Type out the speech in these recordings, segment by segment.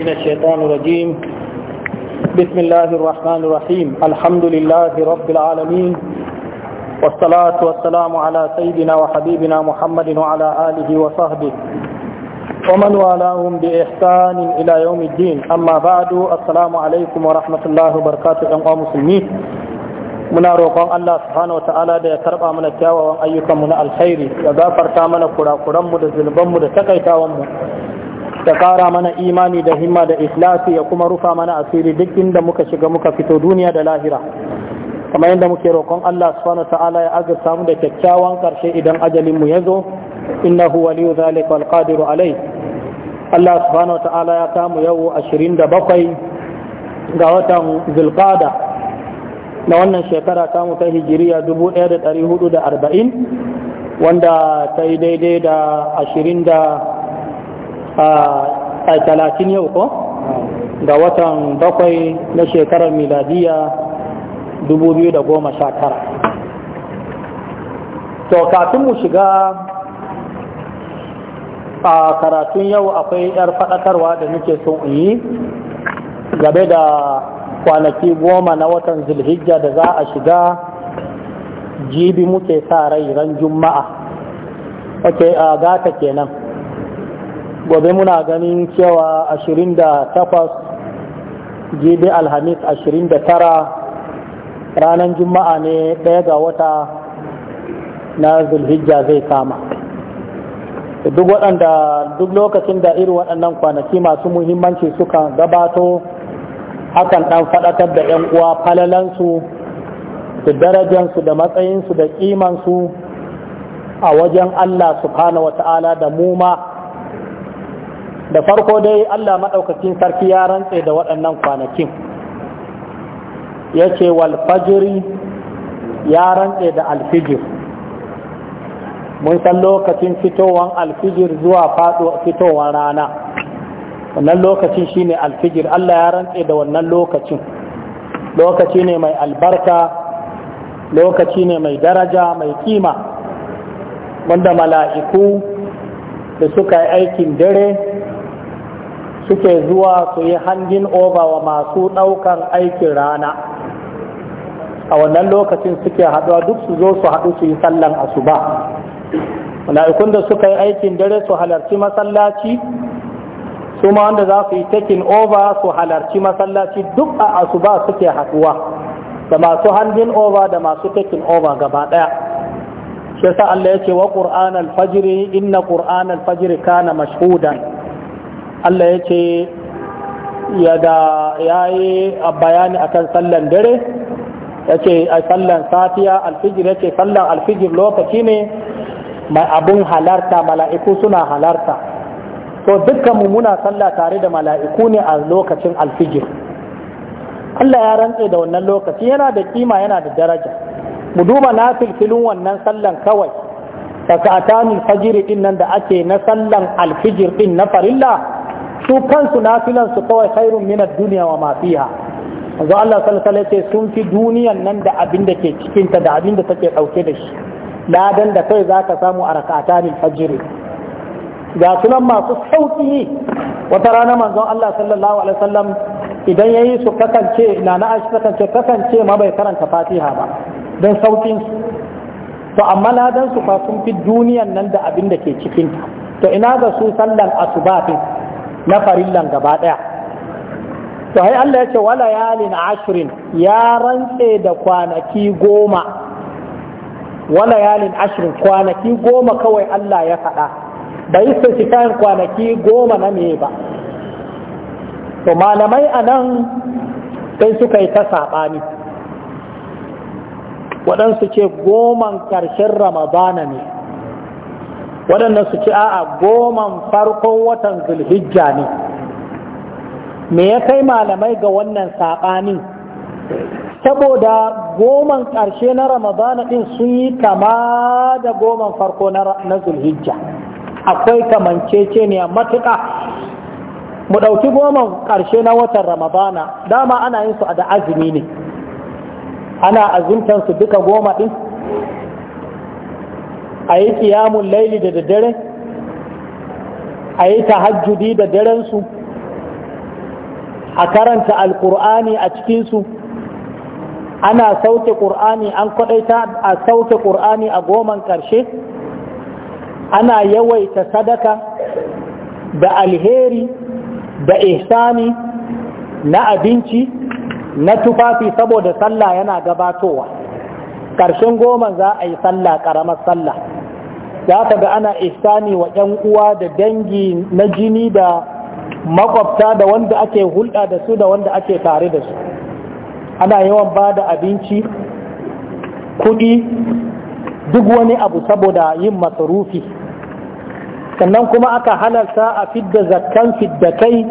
من الشيطان الرجيم بسم الله الرحمن الرحيم الحمد لله رب العالمين والصلاة والسلام على سيدنا وحبيبنا محمد وعلى آله وصحبه ومن والاهم بإحسان إلى يوم الدين أما بعد السلام عليكم ورحمة الله وبركاته أيها المسلمين muna roƙon Allah subhanahu wa ta'ala da ya karɓa mana kyawawan ayyukanmu na alkhairi ya gafarta mana kurakuranmu da zunubanmu da takaitawanmu da ƙara mana imani da himma da ikhlasi ya kuma rufa mana asiri duk inda muka shiga muka fito duniya da lahira kamar yadda muke roƙon Allah subhanahu ta'ala ya azurta mu da kyakkyawan ƙarshe idan ajalin mu yazo innahu waliyu zalika wal qadiru alai Allah subhanahu ta'ala ya kamu yau 27 ga watan Zulqa'da na wannan shekara ta mu ta hijiriya 1440 wanda ta yi daidai da 20 a talatin yau ko ga watan bakwai na shekarar miladiya 2019 to kafin mu shiga a karatun yau akwai yar faɗakarwa da nake son in yi game da kwanaki goma na watan zulhijja da za a shiga jibi muke sa rai ran juma'a ok a gata kenan gobe muna ganin cewa 28 jibi alhamis 29 ranar juma'a ne ɗaya ga wata na zulhijja zai kama duk waɗanda duk lokacin da iri waɗannan kwanaki masu muhimmanci suka gabato hakan ɗan faɗakar da 'yan uwa falalansu da darajansu da matsayinsu da kimansu, a wajen Allah subhanahu Ta'ala da muma. ma da farko dai Allah maɗaukakin sarki ya rantse da waɗannan kwanakin yace ce walfajiri ya rantse da alfijir mun san lokacin fitowan alfijir zuwa faɗo fitowan rana wannan lokacin shine alfijir Allah ya rantse da wannan lokacin lokaci ne mai albarka lokaci ne mai daraja mai kima wanda mala'iku da suka yi aikin dare suke zuwa su yi hangin over wa masu ɗaukan aikin rana a wannan lokacin suke haɗuwa duk su zo su haɗu su yi sallan asuba mala'ikun da suka yi aikin dare su halarci masallaci su ma wanda za su yi taking over su halarci masallaci duk a asuba suke haɗuwa da masu hangin over da masu taking over gaba ɗaya shi Allah ya ce wa Qur'an al inna Qur'an fajiri kana mashhudan Allah ya ce ya da ya yi bayani kan sallan dare ya ce a sallan safiya alfijir ya ce sallan alfijir lokaci ne mai abun halarta mala'iku suna halarta to dukkan mu muna sallah tare da mala'iku ne a lokacin alfijir Allah ya rantse da wannan lokaci yana da kima yana da daraja mu duba na filfilin wannan sallan kawai daga tani fajiri din nan da ake na sallan alfijir din na farilla su kansu nafilan su kawai khairun min ad-dunya wa ma fiha manzo Allah sallallahu alaihi wasallam sun fi duniyan nan da abin da ke cikin ta da abin da take dauke da shi ladan da kai zaka samu a rak'atan al-fajr ga sunan masu sauki wata rana manzon Allah sallallahu alaihi wasallam idan yayi su kasance na na ashi kasance kasance ma bai karanta Fatiha ba dan saukin su to amma ladan su fa sun fi duniyan nan da abin da ke cikin ta to ina ga su sallan asuba na farillan gaba ɗaya to hai Allah ya ce wala yalin ashirin ya rantse da kwanaki goma wala yalin ashirin kwanaki goma kawai Allah ya faɗa bai istishikayin kwanaki goma na me ba to malamai a nan sai suka yi ta saɓani waɗansu ce goman ƙarshen ramadana ne waɗannan su ce a'a goman farkon watan zulhijja ne me ya kai malamai ga wannan saɓani saboda goman ƙarshe na ramadana ɗin sun yi kama da goman farko na zulhijja akwai kamancece ne matuƙa mu ɗauki goman ƙarshe na watan ramadana dama ana yin su a da azumi ne ana azumtansu duka goma ɗin a yi kiyamun laili da daddare a yi tahajjudi da darensu a karanta alkur'ani a cikinsu ana sauke ƙur'ani an kwaɗaita a sauke ƙur'ani a goma ƙarshe ana yawaita sadaka da alheri da ihsani na abinci na tufafi saboda sallah yana gabatowa ƙarshen goma za a yi sallah ƙaramar sallah Ya ka ga ana ihsani wa ‘yan uwa da dangi na jini da makwabta da wanda ake hulɗa da su da wanda ake tare da su ana yawan ba da abinci kuɗi duk wani abu saboda yin masarufi sannan kuma aka halarta a fidda zakkan fidda kai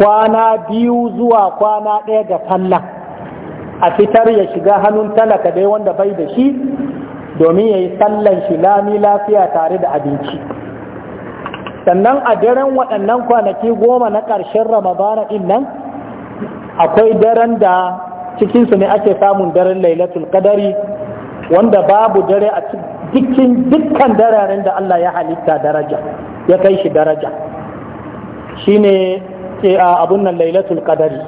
kwana biyu zuwa kwana ɗaya ga talla a fitar ya shiga hannun talaka dai wanda bai da shi domin ya yi sallan shi lami lafiya tare da abinci sannan a daren waɗannan kwanaki goma na ƙarshen ramadana ɗin nan akwai daren da cikinsu ne ake samun daren lailatul qadari wanda babu dare a cikin dukkan dararen da Allah ya halitta daraja ya kai shi daraja shine ke a abun nan lailatul qadari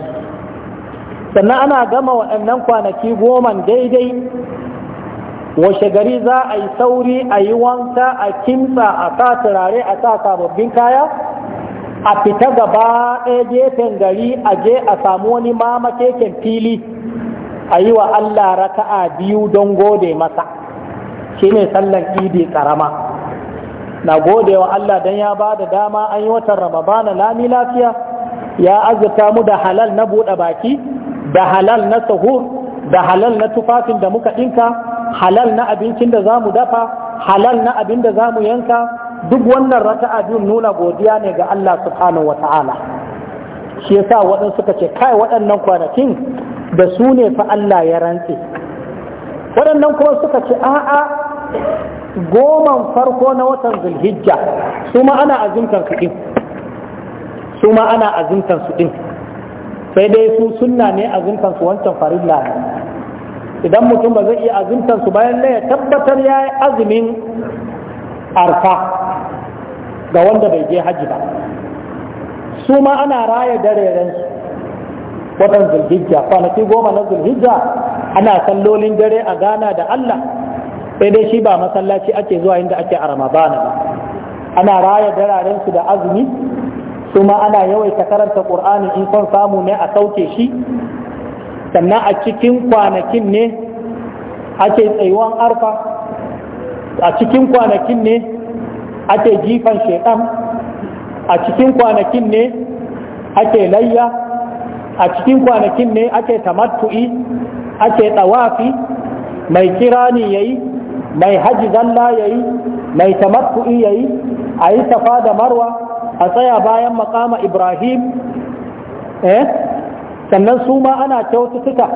sannan ana gama waɗannan kwanaki goma daidai washe gari za a yi sauri a yi wanka a kimsa a sa turare a sa sababbin kaya a fita gaba ɗaya gefen gari a je a samu wani mama keken fili a yi wa Allah raka'a biyu don gode masa shine sallan idi karama na gode wa Allah don ya ba da dama an yi watan ramabana lami lafiya ya azurta mu da halal na buɗe baki da halal na sahur da halal na tufafin da muka ɗinka halal na abincin da za mu dafa halal na abin da za mu yanka duk wannan raka'a biyun nuna godiya ne ga Allah subhanahu wata'ala shi yasa waɗansu suka ce kai waɗannan kwanakin da su ne fa Allah ya rantse waɗannan kuma suka ce a'a goman farko na watan zulhijja su ma ana azumtar su ɗin su ma ana azumtar su ɗin sai dai su sunna ne azumtar su wancan farilla ne idan mutum ba zai iya azumtar su bayan ya tabbatar ya yi azumin arka ga wanda bai je haji ba su ma ana raya dareren su watan zulhijja kwanaki goma na zulhijja ana sallolin dare a gana da allah sai dai shi ba masallaci ake zuwa inda ake a ramadana ba ana raya dararen su da azumi su ana yawaita karanta ƙur'ani in son samu ne a sauke shi sannan a cikin kwanakin ne ake tsayuwan arfa a cikin kwanakin ne ake jifan shekan a cikin kwanakin ne ake layya a cikin kwanakin ne ake tamattu'i ake tsawafi mai kirani yayi mai haji zalla yayi mai tamattu'i yayi a yi tafa da marwa a tsaya bayan makama ibrahim eh sannan su ma ana kyaututtuka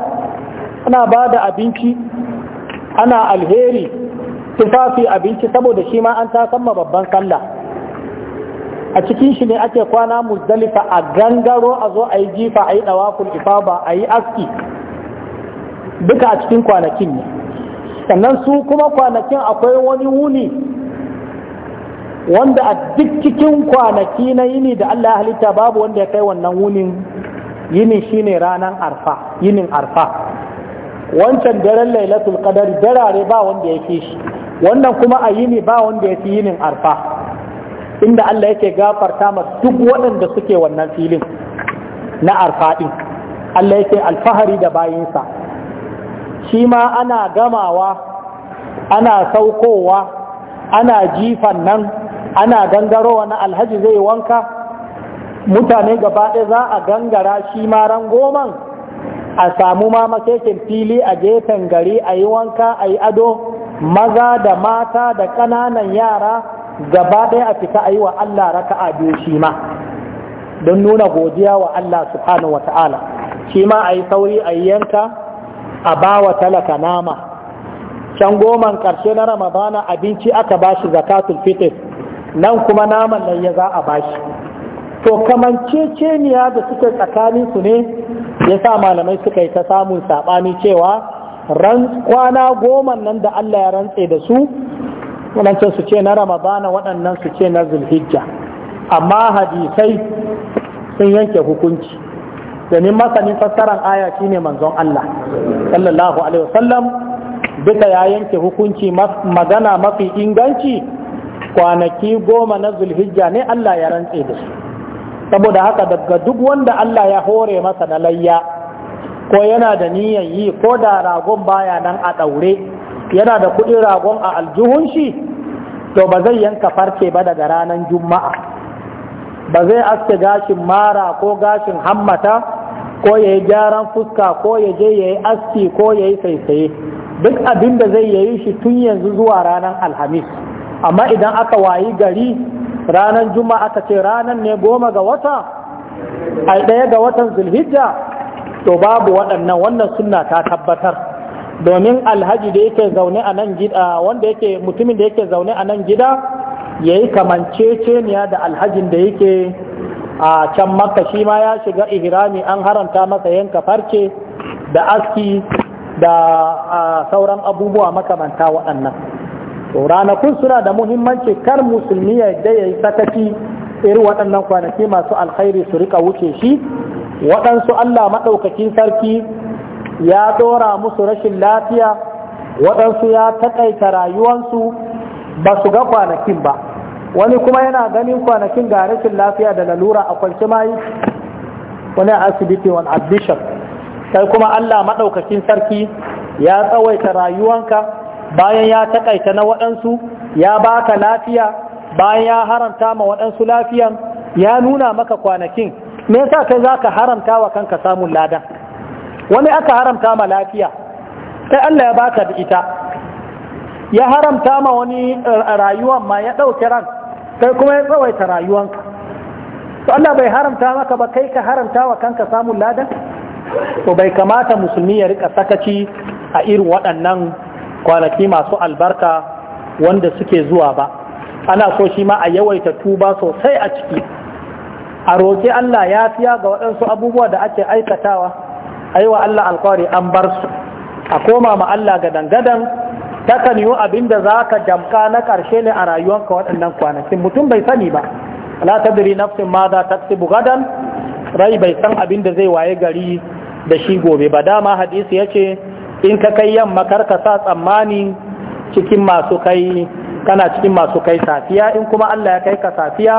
ana ba da abinci ana alheri tufafi abinci saboda shi ma an ta babban sallah a cikin shi ne ake kwana muzdalifa a gangaro a zo a yi jifa a yi ɗawakul ifaba a yi aski duka a cikin kwanakin ne sannan su kuma kwanakin akwai wani wuni wanda a duk cikin kwanaki na yini da Allah halitta babu wanda ya kai wannan wunin yinin shine ranar arfa yinin arfa wancan daren lailatul qadari darare ba wanda ya fi shi wannan kuma a yini ba wanda ya fi yinin arfa inda Allah yake gafarta ma duk waɗanda suke wannan filin na arfa din Allah yake alfahari da bayinsa shi ma ana gamawa ana saukowa ana jifan nan ana gangarowa na alhaji zai wanka mutane gaba ɗaya za a gangara shi ma goman a samu ma fili a gefen gari a yi wanka a yi ado maza da mata da ƙananan yara gaba ɗaya a fita a yi wa Allah raka biyu shi ma don nuna godiya wa Allah subhanahu wata'ala shi ma a yi sauri a yi yanka a ba wa talaka nama can goman ƙarshe na ramadana abinci aka bashi zakatul fitr nan kuma naman nan ya za a bashi to kamanceceniya da suke tsakanin su ne ya sa malamai suka yi ta samun saɓani cewa ran kwana goma nan da Allah ya rantse da su waɗancan su ce na ramadana waɗannan su ce na zulhijja amma hadisai sun yanke hukunci domin masanin fassarar aya shine manzon Allah sallallahu alaihi wasallam duka ya yanke hukunci magana mafi inganci kwanaki goma na zulhijja ne Allah ya rantse da su saboda haka daga duk wanda Allah ya hore masa na layya ko yana da niyan yi ko da ragon baya nan a ɗaure yana da kuɗin ragon a aljuhun shi to ba zai yanka farke ba daga ranar juma'a ba zai aske gashin mara ko gashin hammata ko ya yi gyaran fuska ko ya je ya yi aski ko ya yi saisaye duk abin da zai yayi shi tun yanzu zuwa ranar alhamis amma idan aka wayi gari ranar juma'a ta ce ranan ne goma ga wata ai ɗaya ga watan zulhijja to babu waɗannan wannan suna ta tabbatar domin alhaji da yake zaune a nan gida wanda yake mutumin da yake zaune a nan gida ya yi niya da alhajin da yake a can maka shi ma ya shiga ihrami an haramta masa yanka farce da aski da sauran abubuwa makamanta waɗannan ranakun suna da muhimmanci kar musulmi ya da ya yi sakaci irin waɗannan kwanaki masu alkhairi su rika wuce shi waɗansu Allah maɗaukakin sarki ya ɗora musu rashin lafiya waɗansu ya taƙaita rayuwansu ba su ga kwanakin ba wani kuma yana ganin kwanakin ga rashin lafiya da lalura a kwanci mayi wani asibiti wani addishan sai kuma Allah maɗaukakin sarki ya tsawaita rayuwanka bayan ya taƙaita na waɗansu ya baka lafiya bayan ya haramta ma waɗansu lafiyan ya nuna maka kwanakin me yasa kai zaka haramta wa kanka samun ladan wani aka haramta ma lafiya sai Allah ya baka da ita ya haramta ma wani eh, rayuwan ma ya dauke ran sai kuma ya tsawaita rayuwanka to Allah bai haramta maka ba kai ka haramta wa kanka samun ladan to bai kamata musulmi ya rika sakaci a irin waɗannan kwanaki masu albarka wanda suke zuwa ba ana so shi ma a yawaita tuba sosai a ciki a roƙi Allah ya fiya ga waɗansu abubuwa da ake aikatawa aiwa Allah alkawari an bar su a koma ma Allah gadangadan gadan takan yi abin da za ka jamka na ƙarshe ne a rayuwanka waɗannan kwanakin mutum bai sani ba ta diri nafsin ma za ta gadan rai bai san abin da zai waye gari da shi gobe ba dama hadisi yace. in ka kai yamma kar ka sa tsammani cikin masu kai kana cikin masu kai safiya in kuma Allah ya kai ka safiya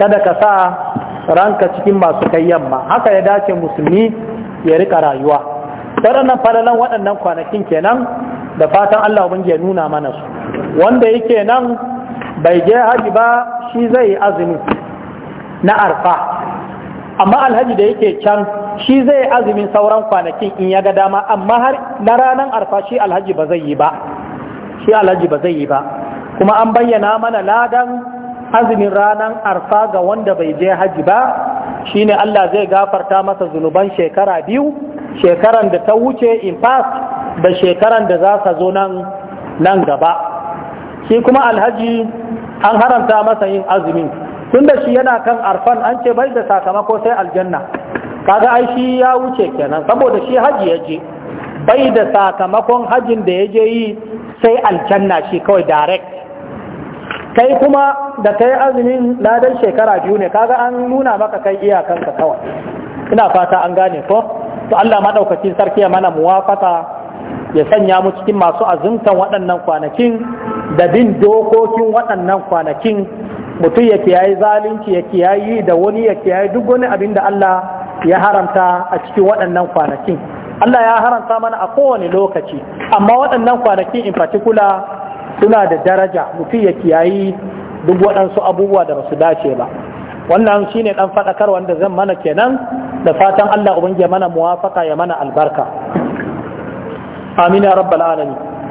kada ka sa ranka cikin masu kai yamma haka ya dace musulmi ya rika rayuwa waɗannan falalan waɗannan kwanakin kenan da fatan Allah ubangi ya nuna mana su wanda yake nan bai je haji ba shi zai azumi na arfa amma alhaji da yake can shi zai yi azumin sauran kwanakin in ya ga dama amma har na ranar arfa shi alhaji ba zai yi ba shi alhaji ba zai yi ba kuma an bayyana mana ladan azumin ranar arfa ga wanda bai je haji ba shi ne Allah zai gafarta masa zunuban shekara biyu shekaran da ta wuce in fas da shekaran da za ka zo nan gaba shi kuma alhaji an haramta masa yin azumin da shi yana kan arfan an ce bai da sakamako sai aljanna kaga ai shi ya wuce kenan saboda shi haji ya je bai da sakamakon hajin da ya je yi sai aljanna shi kawai direct kai kuma da kai azumin ladan shekara biyu ne kaga an nuna maka kai iyakanka kawai ina fata an gane ko to Allah madaukakin sarki ya mana muwafaka ya sanya mu cikin masu azumtan waɗannan kwanakin da bin dokokin waɗannan kwanakin mutum ya kiyaye zalunci ya kiyaye da wani ya kiyaye duk wani abin da Allah ya haramta a cikin waɗannan kwanakin Allah ya haramta mana a kowane lokaci amma waɗannan kwanakin in particular suna da daraja mutum ya kiyaye duk waɗansu abubuwa da basu dace ba wannan shine ɗan faɗakar wanda zan mana kenan da fatan Allah ubangiji mana muwafaka ya mana albarka amina rabbal alamin